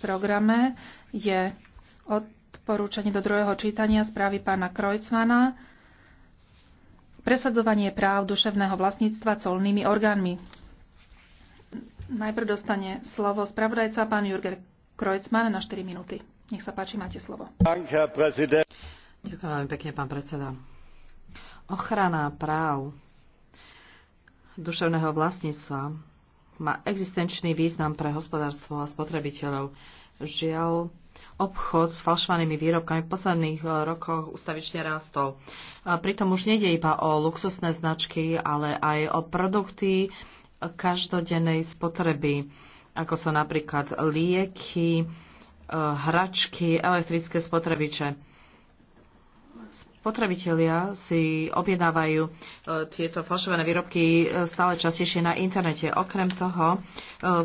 programe je odporúčanie do druhého čítania správy pána Krojcmana presadzovanie práv duševného vlastníctva colnými orgánmi. Najprv dostane slovo spravodajca pán Jurger Krojcman na 4 minúty. Nech sa páči, máte slovo. Ďakujem veľmi pekne, pán predseda. Ochrana práv duševného vlastníctva má existenčný význam pre hospodárstvo a spotrebiteľov. Žiaľ, obchod s falšovanými výrobkami v posledných eh, rokoch ustavične rastol. A pritom už nejde iba o luxusné značky, ale aj o produkty eh, každodennej spotreby, ako sú napríklad lieky, eh, hračky, elektrické spotrebiče. Potrebitelia si objednávajú e, tieto falšované výrobky e, stále častejšie na internete. Okrem toho, e,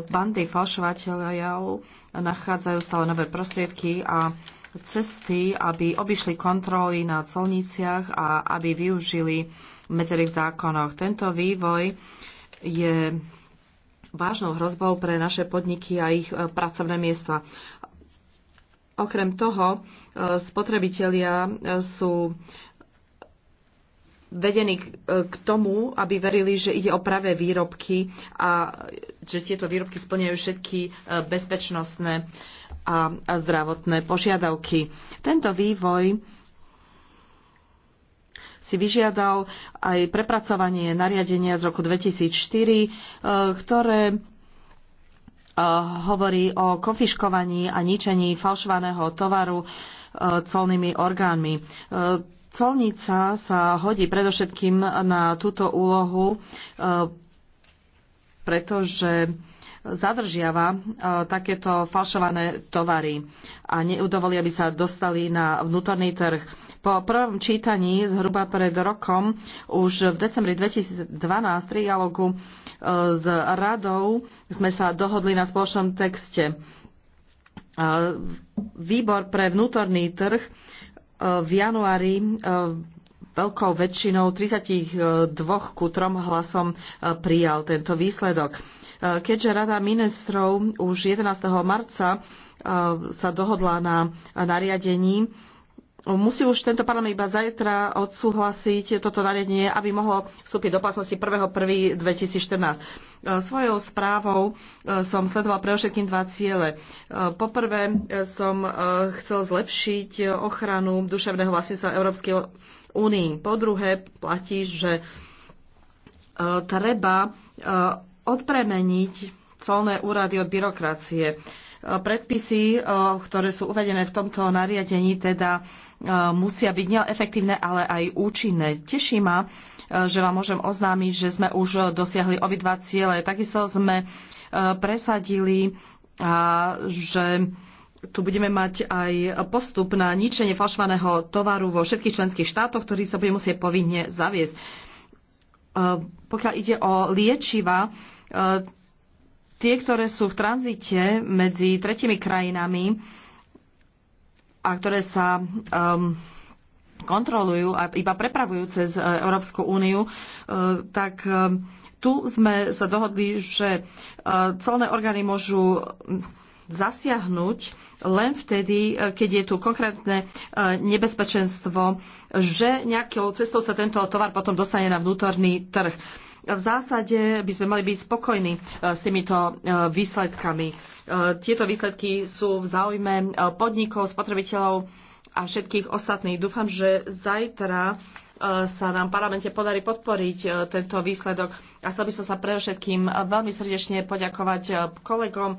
bandy falšovateľov nachádzajú stále nové prostriedky a cesty, aby obišli kontroly na colniciach a aby využili medzery v zákonoch. Tento vývoj je vážnou hrozbou pre naše podniky a ich pracovné miesta. Okrem toho, e, spotrebitelia e, sú vedení e, k tomu, aby verili, že ide o pravé výrobky a že tieto výrobky splňajú všetky bezpečnostné a zdravotné požiadavky. Tento vývoj si vyžiadal aj prepracovanie nariadenia z roku 2004, ktoré hovorí o konfiškovaní a ničení falšovaného tovaru e, colnými orgánmi. E, colnica sa hodí predovšetkým na túto úlohu, e, pretože zadržiava takéto falšované tovary a neudovolí, aby sa dostali na vnútorný trh. Po prvom čítaní zhruba pred rokom už v decembri 2012 trialogu s radou sme sa dohodli na spoločnom texte. Výbor pre vnútorný trh v januári veľkou väčšinou 32 ku 3 hlasom prijal tento výsledok. Keďže Rada ministrov už 11. marca sa dohodla na nariadení, musí už tento parlament iba zajtra odsúhlasiť toto nariadenie, aby mohlo vstúpiť do platnosti 1.1.2014. Svojou správou e, som sledoval pre všetkým dva ciele. E, poprvé e, som chcel zlepšiť ochranu duševného vlastníctva Európskej únii. Po druhé platí, že treba odpremeniť colné úrady od byrokracie predpisy, eh, ktoré sú uvedené v tomto nariadení, teda eh, musia byť nielen efektívne, ale aj účinné. Teší ma, eh, že vám môžem oznámiť, že sme už dosiahli obidva ciele. Takisto sme presadili, a že tu budeme mať aj postup na ničenie falšovaného tovaru vo všetkých členských štátoch, ktorý sa bude musieť povinne zaviesť. Pokiaľ ide o liečiva, tie, ktoré sú v tranzite medzi tretimi krajinami a ktoré sa um, kontrolujú a iba prepravujú cez uh, Európsku úniu, uh, tak um, tu sme sa dohodli, že uh, colné orgány môžu zasiahnuť len vtedy, keď je tu konkrétne nebezpečenstvo, že nejakou cestou sa tento tovar potom dostane na vnútorný trh. V zásade by sme mali byť spokojní e, s týmito e, výsledkami. E, tieto výsledky sú v záujme podnikov, spotrebiteľov a všetkých ostatných. Dúfam, že zajtra sa nám v parlamente podarí podporiť e, tento výsledok. A chcel by som sa pre všetkým veľmi srdečne poďakovať e, kolegom, e,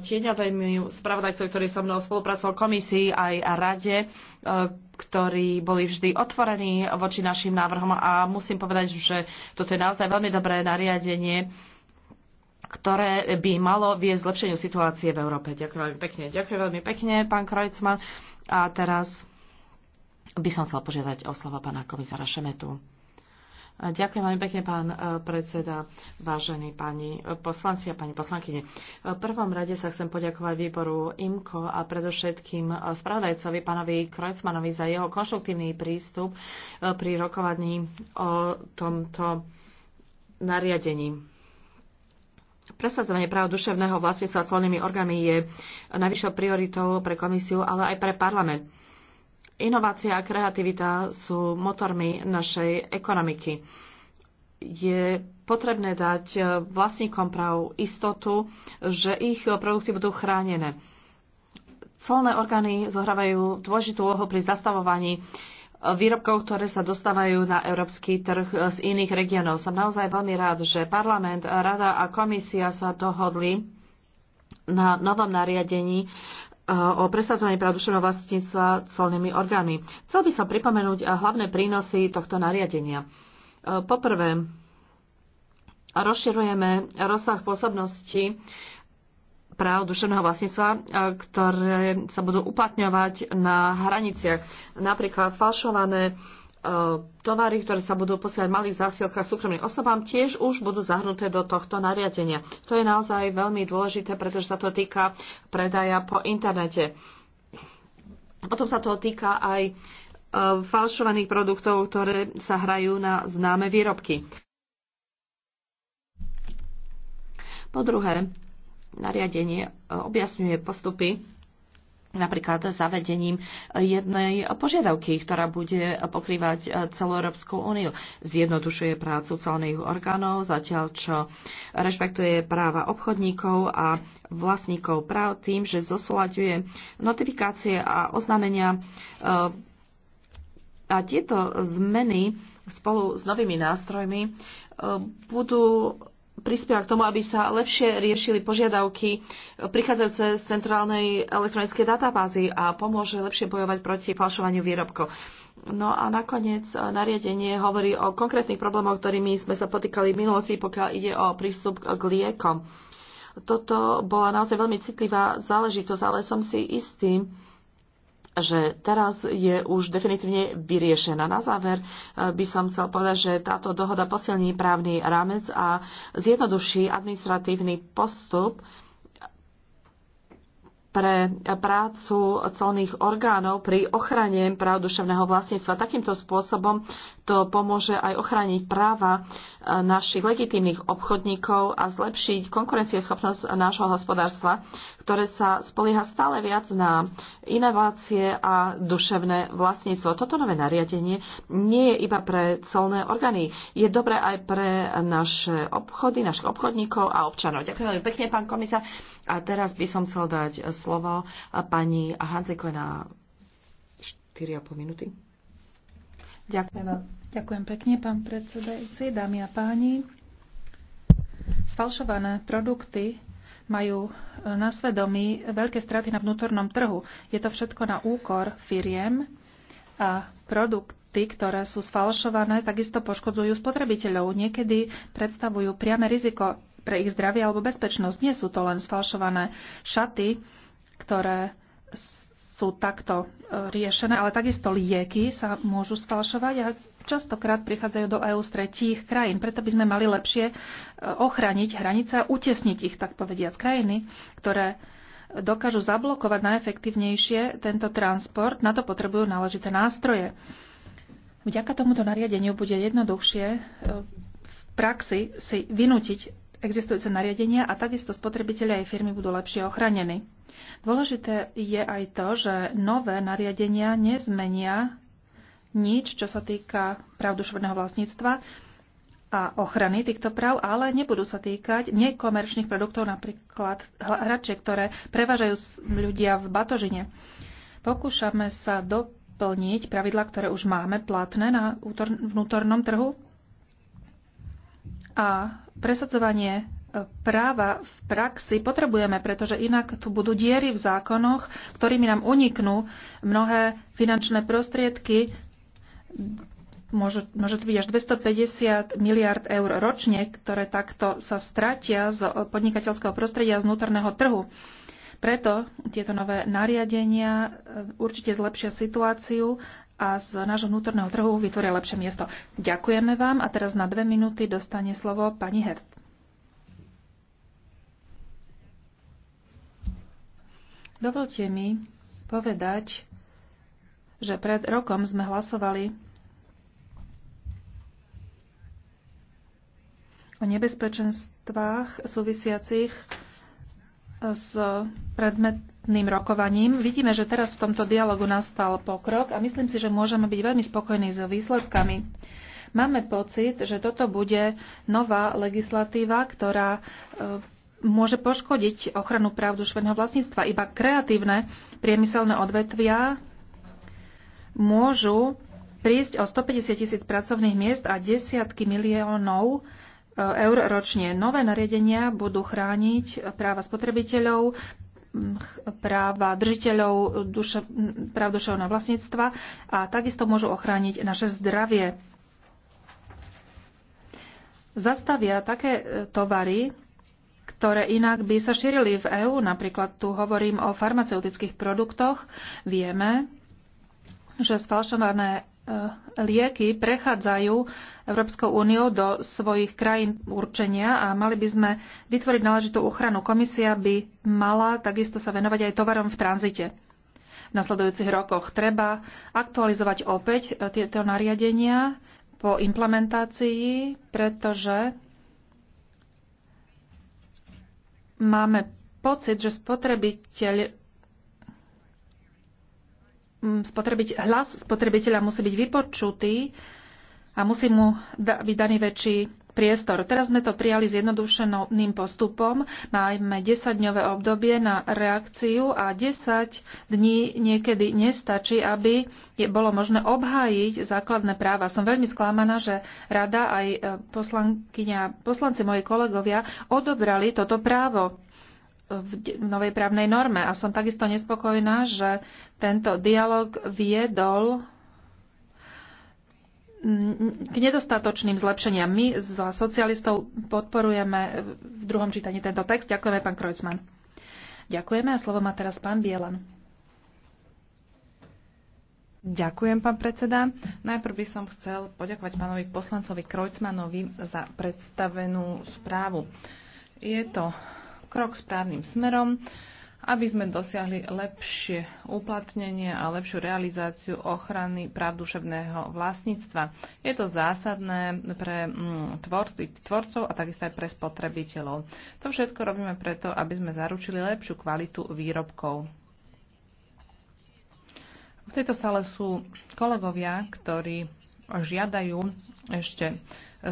tieňovým spravodajcovi, ktorí so mnou spolupracoval komisii aj rade, ktorí boli vždy otvorení voči našim návrhom a musím povedať, že toto je naozaj veľmi dobré nariadenie ktoré by malo viesť zlepšeniu situácie v Európe. Ďakujem veľmi pekne. Ďakujem veľmi pekne, pán Krojcman. A teraz by som chcel požiadať o slovo pána komisára Šemetu. Ďakujem veľmi pekne, pán e, predseda, vážení pani e, poslanci a pani poslankyne. E, v prvom rade sa chcem poďakovať výboru IMKO a predovšetkým spravodajcovi, pánovi Krojcmanovi, za jeho konštruktívny prístup pri rokovaní o tomto nariadení. Presadzovanie práv duševného vlastníctva colnými orgánmi je najvyššou prioritou pre komisiu, ale aj pre parlament Inovácia a kreativita sú motormi našej ekonomiky. Je potrebné dať vlastníkom práv istotu, že ich produkty budú chránené. Colné orgány zohrávajú dôležitú úlohu pri zastavovaní výrobkov, ktoré sa dostávajú na európsky trh z iných regiónov. Som naozaj veľmi rád, že parlament, rada a komisia sa dohodli na novom nariadení o presadzovaní práv duševného vlastníctva colnými orgánmi. Chcel by som pripomenúť hlavné prínosy tohto nariadenia. E, poprvé, rozširujeme rozsah pôsobnosti práv duševného vlastníctva, e, ktoré sa budú uplatňovať na hraniciach. Napríklad falšované E, tovary, ktoré sa budú posielať v malých zásielkach súkromným osobám, tiež už budú zahrnuté do tohto nariadenia. To je naozaj veľmi dôležité, pretože sa to týka predaja po internete. Potom sa to týka aj e, falšovaných produktov, ktoré sa hrajú na známe výrobky. Po druhé, nariadenie e, objasňuje postupy, napríklad zavedením jednej požiadavky, ktorá bude pokrývať e, celú Európsku úniu. Zjednodušuje prácu celných orgánov, zatiaľ čo rešpektuje práva obchodníkov a vlastníkov práv tým, že zosúľaďuje notifikácie a oznámenia. E, a tieto zmeny spolu s novými nástrojmi e, budú prispieva k tomu, aby sa lepšie riešili požiadavky prichádzajúce z centrálnej elektronickej databázy a pomôže lepšie bojovať proti falšovaniu výrobkov. No a nakoniec eh, nariadenie hovorí o konkrétnych problémoch, ktorými sme sa potýkali v minulosti, pokiaľ ide o prístup k liekom. Toto bola naozaj veľmi citlivá záležitosť, ale som si istý, že teraz je už definitívne vyriešená. Na záver e, by som chcel povedať, že táto dohoda posilní právny rámec a zjednoduší administratívny postup pre prácu colných orgánov pri ochrane práv duševného vlastníctva. Takýmto spôsobom to pomôže aj ochrániť práva našich legitímnych obchodníkov a zlepšiť konkurencieschopnosť nášho hospodárstva, ktoré sa spolieha stále viac na inovácie a duševné vlastníctvo. Toto nové nariadenie nie je iba pre colné orgány. Je dobré aj pre naše obchody, našich obchodníkov a občanov. Ďakujem veľmi pekne, pán komisár. A teraz by som chcel dať slovo pani Hanzikoj na 4,5 minúty. Ďakujem. Ďakujem pekne, pán predsedajúci, dámy a páni. Sfalšované produkty majú e, na svedomí veľké straty na vnútornom trhu. Je to všetko na úkor firiem a produkty, ktoré sú sfalšované, takisto poškodzujú spotrebiteľov. Niekedy predstavujú priame riziko pre ich zdravie alebo bezpečnosť. Nie sú to len sfalšované šaty, ktoré sú takto e, riešené, ale takisto lieky sa môžu sfalšovať a častokrát prichádzajú do EÚ z tretích krajín. Preto by sme mali lepšie e, ochraniť hranice a utesniť ich, tak povediať, krajiny, ktoré dokážu zablokovať najefektívnejšie tento transport. Na to potrebujú náležité nástroje. Vďaka tomuto nariadeniu bude jednoduchšie e, v praxi si vynútiť existujúce nariadenia a takisto spotrebitelia aj firmy budú lepšie ochranení. Dôležité je aj to, že nové nariadenia nezmenia nič, čo sa týka práv duševného vlastníctva a ochrany týchto práv, ale nebudú sa týkať nekomerčných produktov, napríklad hračiek, ktoré prevážajú ľudia v batožine. Pokúšame sa doplniť pravidla, ktoré už máme platné na vnútornom trhu a presadzovanie e, práva v praxi potrebujeme, pretože inak tu budú diery v zákonoch, ktorými nám uniknú mnohé finančné prostriedky, môže, môže to byť až 250 miliard eur ročne, ktoré takto sa stratia z podnikateľského prostredia, z vnútorného trhu. Preto tieto nové nariadenia e, určite zlepšia situáciu a z nášho vnútorného trhu vytvoria lepšie miesto. Ďakujeme vám a teraz na dve minúty dostane slovo pani Hert. Dovolte mi povedať, že pred rokom sme hlasovali o nebezpečenstvách súvisiacich s predmetným rokovaním. Vidíme, že teraz v tomto dialogu nastal pokrok a myslím si, že môžeme byť veľmi spokojní s výsledkami. Máme pocit, že toto bude nová legislatíva, ktorá e, môže poškodiť ochranu práv duševného vlastníctva. Iba kreatívne priemyselné odvetvia môžu prísť o 150 tisíc pracovných miest a desiatky miliónov e, eur ročne. Nové nariadenia budú chrániť práva spotrebiteľov, práva držiteľov duše, práv duševného vlastníctva a takisto môžu ochrániť naše zdravie. Zastavia také e, tovary, ktoré inak by sa šírili v EÚ. Napríklad tu hovorím o farmaceutických produktoch. Vieme, že sfalšované e, lieky prechádzajú Európskou úniou do svojich krajín určenia a mali by sme vytvoriť náležitú ochranu. Komisia by mala takisto sa venovať aj tovarom v tranzite. V nasledujúcich rokoch treba aktualizovať opäť e, tieto nariadenia po implementácii, pretože máme pocit, že spotrebiteľ Mm, spotrebiť, hlas spotrebiteľa musí byť vypočutý a musí mu da, byť daný väčší priestor. Teraz sme to prijali zjednodušeným postupom. Máme 10-dňové obdobie na reakciu a 10 dní niekedy nestačí, aby je bolo možné obhájiť základné práva. Som veľmi sklamaná, že rada aj e, poslankyňa, poslanci moji kolegovia odobrali toto právo v novej právnej norme. A som takisto nespokojná, že tento dialog viedol k nedostatočným zlepšeniam. My za socialistov podporujeme v druhom čítaní tento text. Ďakujeme, pán Krojcman. Ďakujeme a slovo má teraz pán Bielan. Ďakujem, pán predseda. Najprv by som chcel poďakovať pánovi poslancovi Krojcmanovi za predstavenú správu. Je to krok správnym smerom, aby sme dosiahli lepšie uplatnenie a lepšiu realizáciu ochrany práv duševného vlastníctva. Je to zásadné pre mm, tvorcov a takisto aj pre spotrebiteľov. To všetko robíme preto, aby sme zaručili lepšiu kvalitu výrobkov. V tejto sale sú kolegovia, ktorí žiadajú ešte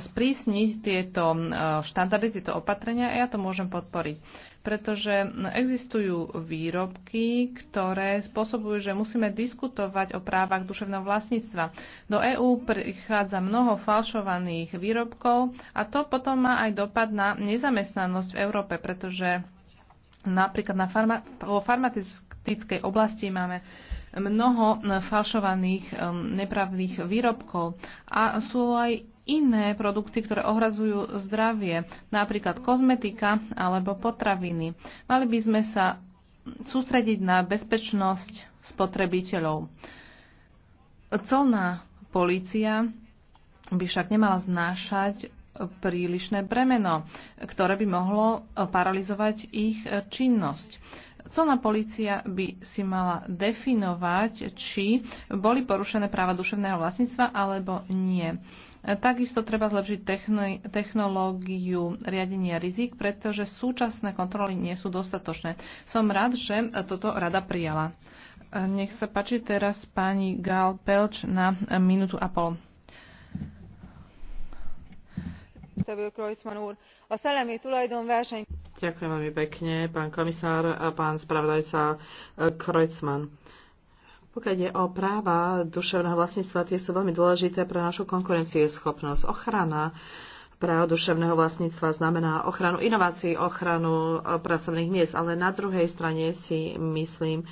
sprísniť tieto e, štandardy, tieto opatrenia a ja to môžem podporiť. Pretože existujú výrobky, ktoré spôsobujú, že musíme diskutovať o právach duševného vlastníctva. Do EÚ prichádza mnoho falšovaných výrobkov a to potom má aj dopad na nezamestnanosť v Európe, pretože napríklad na farma- vo farmaceutickej oblasti máme mnoho e, falšovaných e, nepravných výrobkov a sú aj iné produkty, ktoré ohrazujú zdravie, napríklad kozmetika alebo potraviny. Mali by sme sa sústrediť na bezpečnosť spotrebiteľov. Colná polícia by však nemala znášať prílišné bremeno, ktoré by mohlo paralizovať ich činnosť. Colná policia by si mala definovať, či boli porušené práva duševného vlastníctva alebo nie. Takisto treba zlepšiť technológiu riadenia rizik, pretože súčasné kontroly nie sú dostatočné. Som rád, že toto rada prijala. Nech sa páči teraz pani Gal Pelč na minútu a pol. Ďakujem veľmi pekne, pán komisár a pán spravodajca Kreutzmann pokiaľ ide o práva duševného vlastníctva, tie sú veľmi dôležité pre našu konkurencieschopnosť. Ochrana práv duševného vlastníctva znamená ochranu inovácií, ochranu e, pracovných miest, ale na druhej strane si myslím,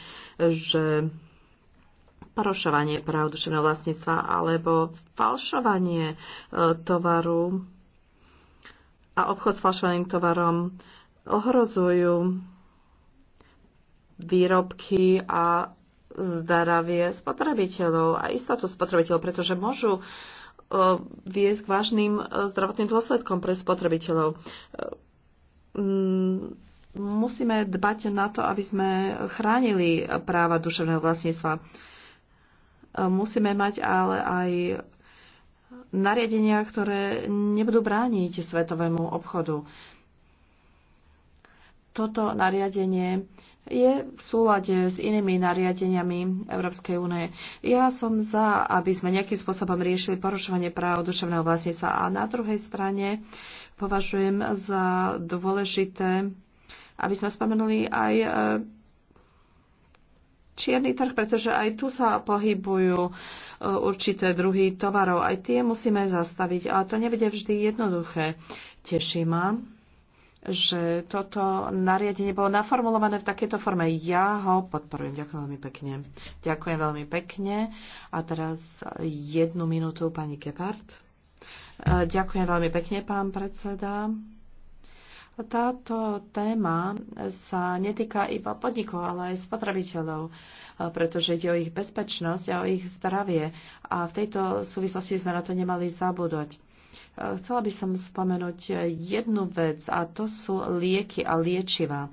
že porušovanie práv duševného vlastníctva alebo falšovanie e, tovaru a obchod s falšovaným tovarom ohrozujú výrobky a zdravie spotrebiteľov a istotu spotrebiteľov, pretože môžu e, viesť k vážnym e, zdravotným dôsledkom pre spotrebiteľov. E, musíme dbať na to, aby sme chránili práva duševného vlastníctva. Musíme mať ale aj nariadenia, ktoré nebudú brániť svetovému obchodu. Toto nariadenie je v súlade s inými nariadeniami Európskej únie. Ja som za, aby sme nejakým spôsobom riešili porušovanie práv duševného vlastníctva a na druhej strane považujem za dôležité, aby sme spomenuli aj e, čierny trh, pretože aj tu sa pohybujú e, určité druhy tovarov. Aj tie musíme zastaviť, ale to nebude vždy jednoduché. Teší ma, že toto nariadenie bolo naformulované v takejto forme. Ja ho podporujem. Ďakujem veľmi pekne. Ďakujem veľmi pekne. A teraz jednu minútu pani Kepard. E, ďakujem veľmi pekne, pán predseda. Táto téma sa netýka iba podnikov, ale aj spotrebiteľov, e, pretože ide o ich bezpečnosť a o ich zdravie. A v tejto súvislosti sme na to nemali zabúdať Chcela by som spomenúť jednu vec a to sú lieky a liečiva.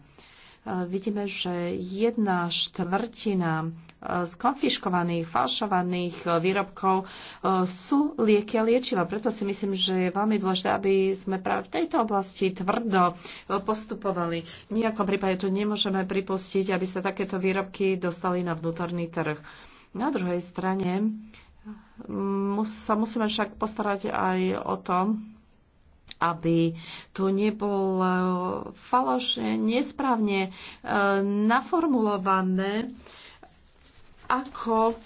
Vidíme, že jedna štvrtina z konfiškovaných, falšovaných výrobkov e, sú lieky a liečiva. Preto si myslím, že je veľmi dôležité, aby sme práve v tejto oblasti tvrdo e, postupovali. V nejakom prípade tu nemôžeme pripustiť, aby sa takéto výrobky dostali na vnútorný trh. Na druhej strane sa musíme však postarať aj o to, aby tu nebol falošne, nesprávne e, naformulované, ako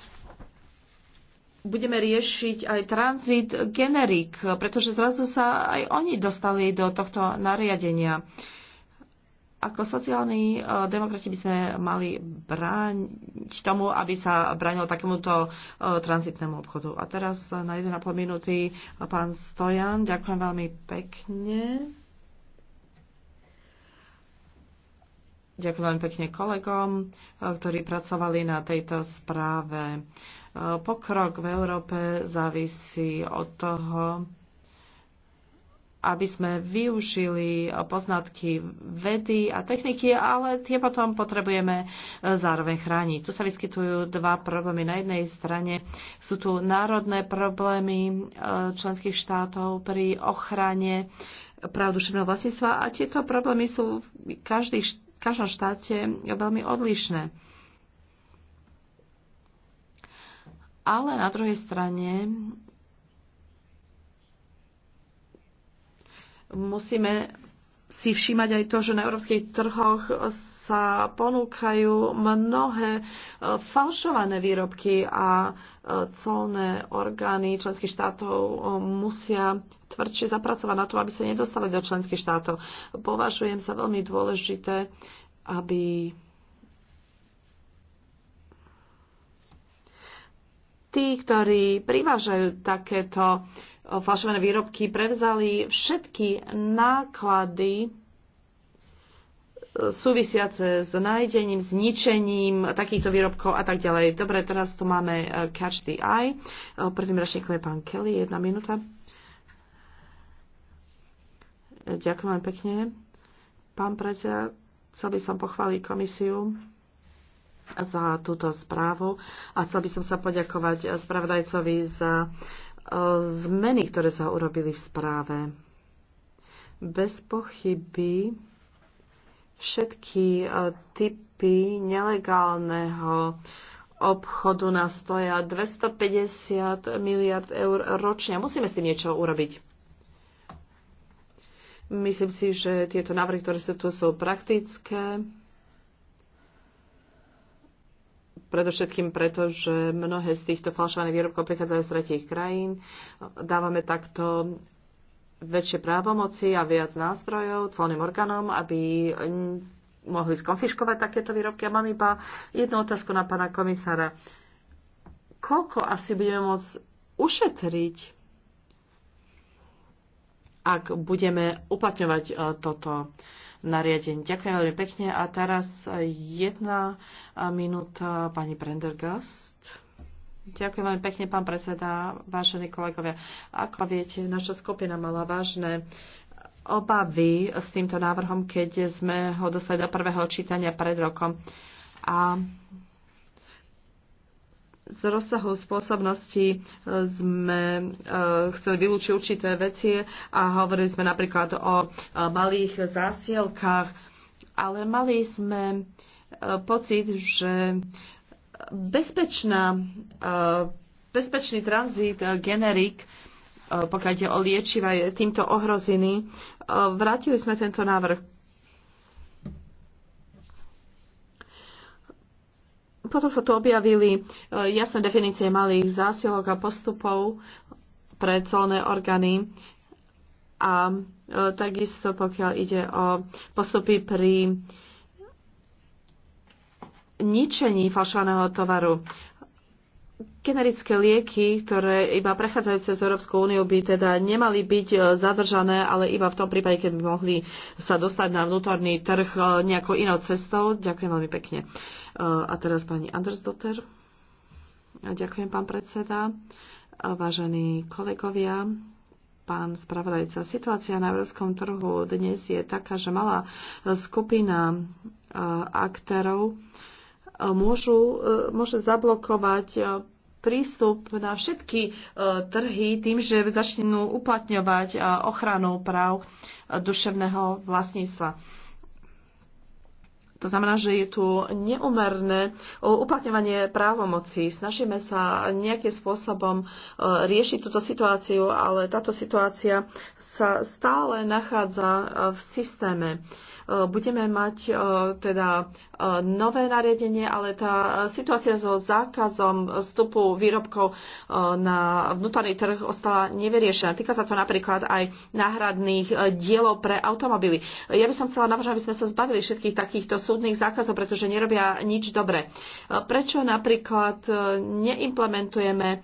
budeme riešiť aj tranzit generik, pretože zrazu sa aj oni dostali do tohto nariadenia. Ako sociálni e, demokrati by sme mali brániť tomu, aby sa bránilo takémuto e, transitnému obchodu. A teraz na 1,5 minúty e, pán Stojan. Ďakujem veľmi pekne. Ďakujem veľmi pekne kolegom, ktorí pracovali na tejto správe. Pokrok v Európe závisí od toho, aby sme využili poznatky vedy a techniky, ale tie potom potrebujeme e, zároveň chrániť. Tu sa vyskytujú dva problémy. Na jednej strane sú tu národné problémy e, členských štátov pri ochrane práv duševného vlastníctva a tieto problémy sú v, každý, v každom štáte veľmi odlišné. Ale na druhej strane Musíme si všímať aj to, že na európskych trhoch sa ponúkajú mnohé e, falšované výrobky a e, colné orgány členských štátov e, musia tvrdšie zapracovať na to, aby sa nedostali do členských štátov. Považujem sa veľmi dôležité, aby tí, ktorí privážajú takéto falšované výrobky prevzali všetky náklady e, súvisiace s nájdením, zničením takýchto výrobkov a tak ďalej. Dobre, teraz tu máme e, Catch the Eye. Prvým ročníkom je pán Kelly, jedna minúta. E, ďakujem pekne. Pán predseda, chcel by som pochváliť komisiu za túto správu a chcel by som sa poďakovať spravodajcovi za E, zmeny, ktoré sa urobili v správe. Bez pochyby všetky e, typy nelegálneho obchodu na stoja 250 miliard eur ročne. Musíme s tým niečo urobiť. Myslím si, že tieto návrhy, ktoré sú tu, sú praktické Predovšetkým preto, že mnohé z týchto falšovaných výrobkov prichádzajú z tretích krajín. Dávame takto väčšie právomoci a viac nástrojov colným orgánom, aby mohli skonfiškovať takéto výrobky. A mám iba jednu otázku na pána komisára. Koľko asi budeme môcť ušetriť, ak budeme uplatňovať e, toto nariadení. Ďakujem veľmi pekne. A teraz jedna minúta pani Prendergast. Ďakujem veľmi pekne, pán predseda, vážení kolegovia. Ako viete, naša skupina mala vážne obavy s týmto návrhom, keď sme ho dostali do prvého čítania pred rokom. A z rozsahu spôsobnosti e, sme e, chceli vylúčiť určité veci a hovorili sme napríklad o e, malých zásielkách, ale mali sme pocit, že bezpečná, bezpečný tranzit generik pokiaľ ide o liečiva, týmto ohrozený. Vrátili sme tento návrh Potom sa tu objavili e, jasné definície malých zásielok a postupov pre colné orgány a e, takisto pokiaľ ide o postupy pri ničení falšovaného tovaru. Generické lieky, ktoré iba prechádzajú cez Európsku úniu, by teda nemali byť e, zadržané, ale iba v tom prípade, keď by mohli sa dostať na vnútorný trh e, nejakou inou cestou. Ďakujem veľmi pekne. E, a teraz pani Andersdotter. Ďakujem, pán predseda. Vážení kolegovia, pán spravodajca, situácia na európskom trhu dnes je taká, že malá skupina aktérov môžu, môže zablokovať prístup na všetky e, trhy tým, že začnú uplatňovať e, ochranu práv e, duševného vlastníctva. To znamená, že je tu neumerné uplatňovanie právomocí. Snažíme sa nejakým spôsobom riešiť túto situáciu, ale táto situácia sa stále nachádza v systéme. Eh, budeme mať eh, teda eh, nové nariadenie, ale tá situácia so zákazom vstupu výrobkov na vnútorný trh ostala nevyriešená. Týka sa to napríklad aj náhradných dielov pre automobily. Ja by som chcela navrhnúť, aby sme sa zbavili všetkých takýchto súdnych zákazov, pretože nerobia nič dobre. Prečo napríklad neimplementujeme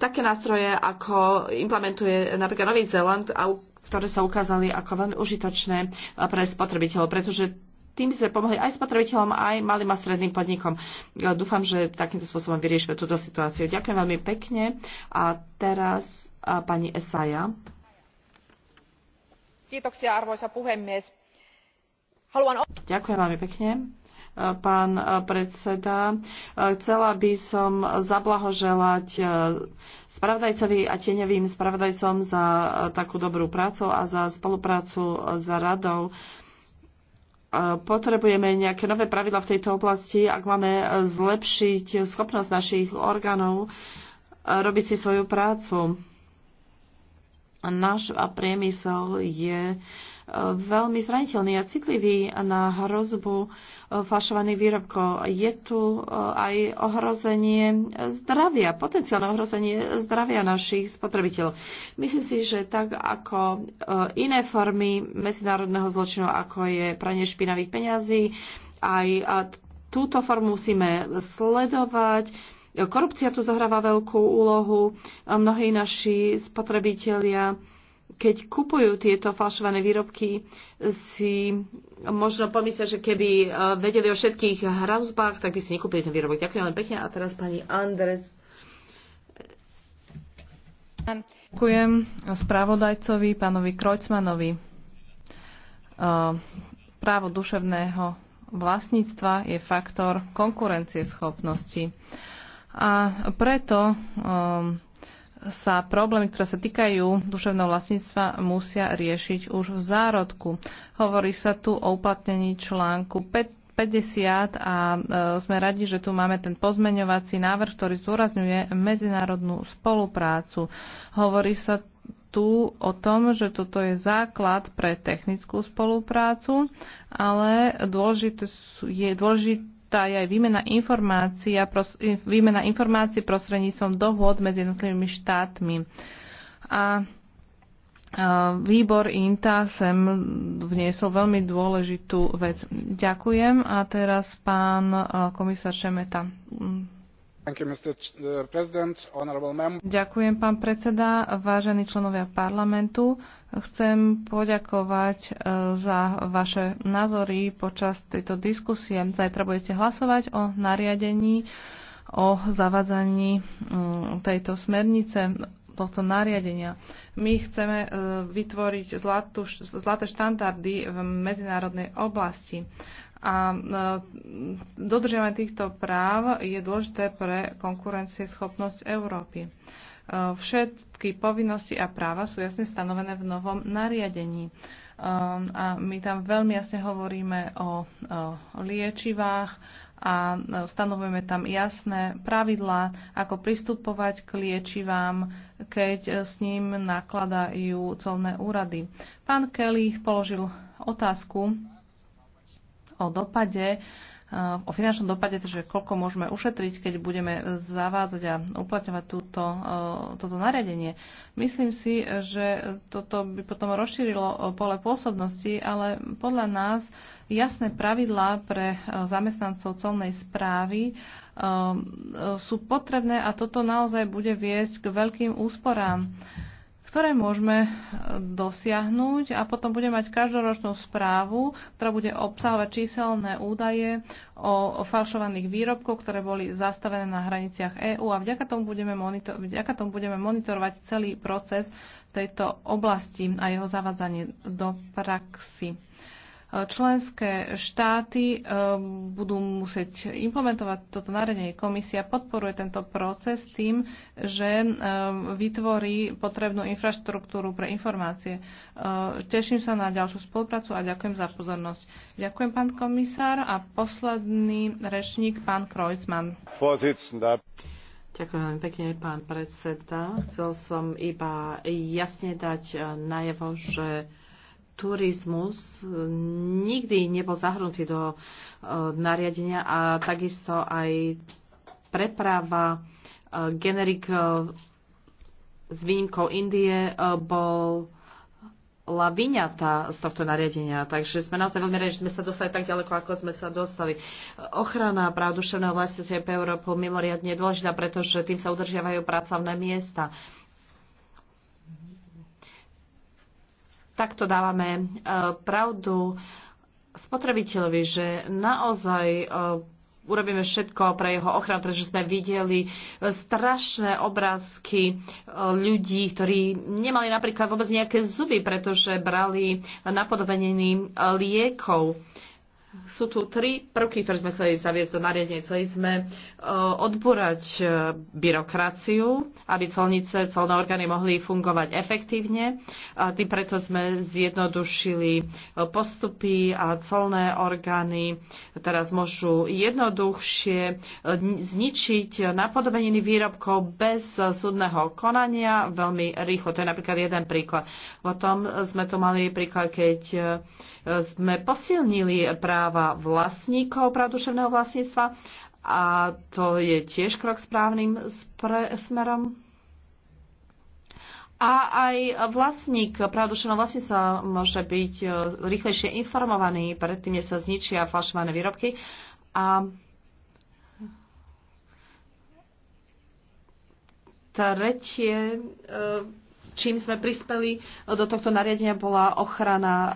také nástroje, ako implementuje napríklad Nový Zeland a ktoré sa ukázali ako veľmi užitočné pre spotrebiteľov, pretože tým by sme pomohli aj spotrebiteľom, aj malým a stredným podnikom. Dúfam, že takýmto spôsobom vyriešime túto situáciu. Ďakujem veľmi pekne. A teraz a pani Esaja. Kiitoksia, arvoisa puhemies. Haluan... Ďakujem veľmi pekne pán predseda. Chcela by som zablahoželať e, spravodajcovi a tieňovým spravodajcom za e, takú dobrú prácu a za spoluprácu s radou e, potrebujeme nejaké nové pravidla v tejto oblasti, ak máme zlepšiť schopnosť našich orgánov robiť si svoju prácu. Náš priemysel je veľmi zraniteľní a citliví na hrozbu e, falšovaných výrobkov. Je tu e, aj ohrozenie zdravia, potenciálne ohrozenie zdravia našich spotrebiteľov. Myslím si, že tak ako e, iné formy medzinárodného zločinu, ako je pranie špinavých peňazí, aj túto formu musíme sledovať, Korupcia tu zohráva veľkú úlohu. Mnohí naši spotrebitelia keď kupujú tieto falšované výrobky, si možno pomyslia, že keby e, vedeli o všetkých hrozbách, tak by si nekúpili ten výrobok. Ďakujem veľmi pekne. A teraz pani Andres. Ďakujem správodajcovi, pánovi Krojcmanovi. E, právo duševného vlastníctva je faktor konkurencieschopnosti. A preto um, sa problémy, ktoré sa týkajú duševného vlastníctva, musia riešiť už v zárodku. Hovorí sa tu o uplatnení článku 50 a e, sme radi, že tu máme ten pozmeňovací návrh, ktorý zdôrazňuje medzinárodnú spoluprácu. Hovorí sa tu o tom, že toto je základ pre technickú spoluprácu, ale dôležité je dôležité dôležitá je aj výmena, informácií výmena informácií prostredníctvom dohôd medzi jednotlivými štátmi. A Výbor INTA sem vniesol veľmi dôležitú vec. Ďakujem. A teraz pán komisár Šemeta. Uh, Ďakujem, pán predseda, vážení členovia parlamentu. Chcem poďakovať uh, za vaše názory počas tejto diskusie. Zajtra budete hlasovať o nariadení o zavadzaní mm, tejto smernice tohto nariadenia. My chceme uh, vytvoriť zlatú, zlaté štandardy v medzinárodnej oblasti. A e, dodržiavanie týchto práv je dôležité pre konkurencieschopnosť Európy. E, všetky povinnosti a práva sú jasne stanovené v novom nariadení. E, a my tam veľmi jasne hovoríme o liečivách a stanovujeme tam jasné pravidlá, ako pristupovať k liečivám, keď s ním nakladajú colné úrady. Pán Kelly položil otázku, o dopade e, o finančnom dopade, že koľko môžeme ušetriť, keď budeme zavádzať a uplatňovať túto, e, toto nariadenie. Myslím si, že toto by potom rozšírilo e, pole pôsobnosti, ale podľa nás jasné pravidlá pre zamestnancov colnej správy sú potrebné a toto naozaj bude viesť k veľkým úsporám ktoré môžeme e, dosiahnuť a potom budeme mať každoročnú správu, ktorá bude obsahovať číselné údaje o, o falšovaných výrobkoch, ktoré boli zastavené na hraniciach EÚ a vďaka tomu, budeme monitor, vďaka tomu budeme monitorovať celý proces tejto oblasti a jeho zavadzanie do praxi. Členské štáty e, budú musieť implementovať toto nariadenie. Komisia podporuje tento proces tým, že e, vytvorí potrebnú infraštruktúru pre informácie. E, teším sa na ďalšiu spoluprácu a ďakujem za pozornosť. Ďakujem, pán komisár. A posledný rečník, pán Kreuzmann. Ďakujem veľmi pekne, pán predseda. Chcel som iba jasne dať najavo, že turizmus e, nikdy nebol zahrnutý do e, nariadenia a takisto aj preprava e, generik s výnimkou Indie bol bola z tohto nariadenia. Takže sme naozaj veľmi radi, že sme sa dostali tak ďaleko, ako sme sa dostali. Ochrana práv duševného vlastníctva je pre Európu mimoriadne dôležitá, pretože tým sa udržiavajú pracovné miesta. takto dávame e, pravdu spotrebiteľovi, že naozaj e, urobíme všetko pre jeho ochranu, pretože sme videli strašné obrázky e, ľudí, ktorí nemali napríklad vôbec nejaké zuby, pretože brali napodobeniny liekov sú tu tri prvky, ktoré sme chceli zaviesť do nariadenia. Chceli sme e, odbúrať e, byrokraciu, aby colnice, colné orgány mohli fungovať efektívne. A tým preto sme zjednodušili e, postupy a colné orgány teraz môžu jednoduchšie zničiť napodobeniny výrobkov bez súdneho konania veľmi rýchlo. To je napríklad jeden príklad. Potom sme tu mali príklad, keď sme posilnili práva vlastníkov pravduševného vlastníctva a to je tiež krok správnym smerom. A aj vlastník práv duševného sa môže byť e, rýchlejšie informovaný predtým, než sa zničia falšované výrobky. A tretie, e, čím sme prispeli do tohto nariadenia, bola ochrana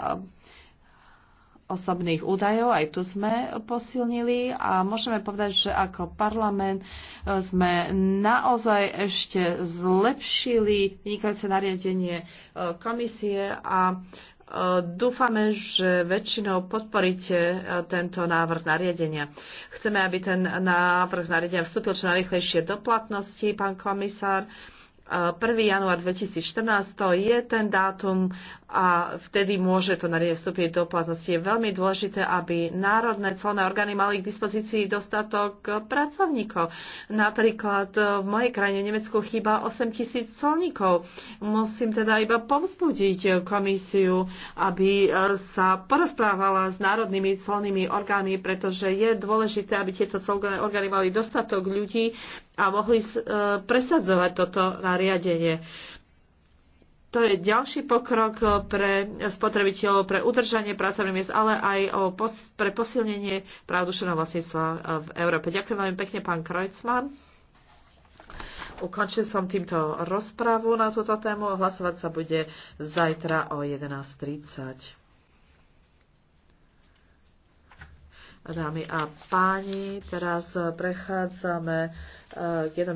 osobných údajov, aj tu sme posilnili a môžeme povedať, že ako parlament e, sme naozaj ešte zlepšili vynikajúce nariadenie e, komisie a e, Dúfame, že väčšinou podporíte tento návrh nariadenia. Chceme, aby ten návrh nariadenia vstúpil čo najrychlejšie do platnosti, pán komisár. 1. január 2014 to je ten dátum a vtedy môže to nariadenie vstúpiť do platnosti. Je veľmi dôležité, aby národné colné orgány mali k dispozícii dostatok pracovníkov. Napríklad v mojej krajine Nemecku chýba 8 tisíc colníkov. Musím teda iba povzbudiť komisiu, aby eh, sa porozprávala s národnými colnými orgánmi, pretože je dôležité, aby tieto colné orgány mali dostatok ľudí, a mohli e, presadzovať toto nariadenie. To je ďalší pokrok e, pre spotrebiteľov, pre udržanie pracovných miest, ale aj o pos- pre posilnenie práv vlastníctva e, v Európe. Ďakujem veľmi pekne, pán Krojcman. Ukončil som týmto rozpravu na túto tému. Hlasovať sa bude zajtra o 11.30. Dámy a páni, teraz prechádzame eh, k jednom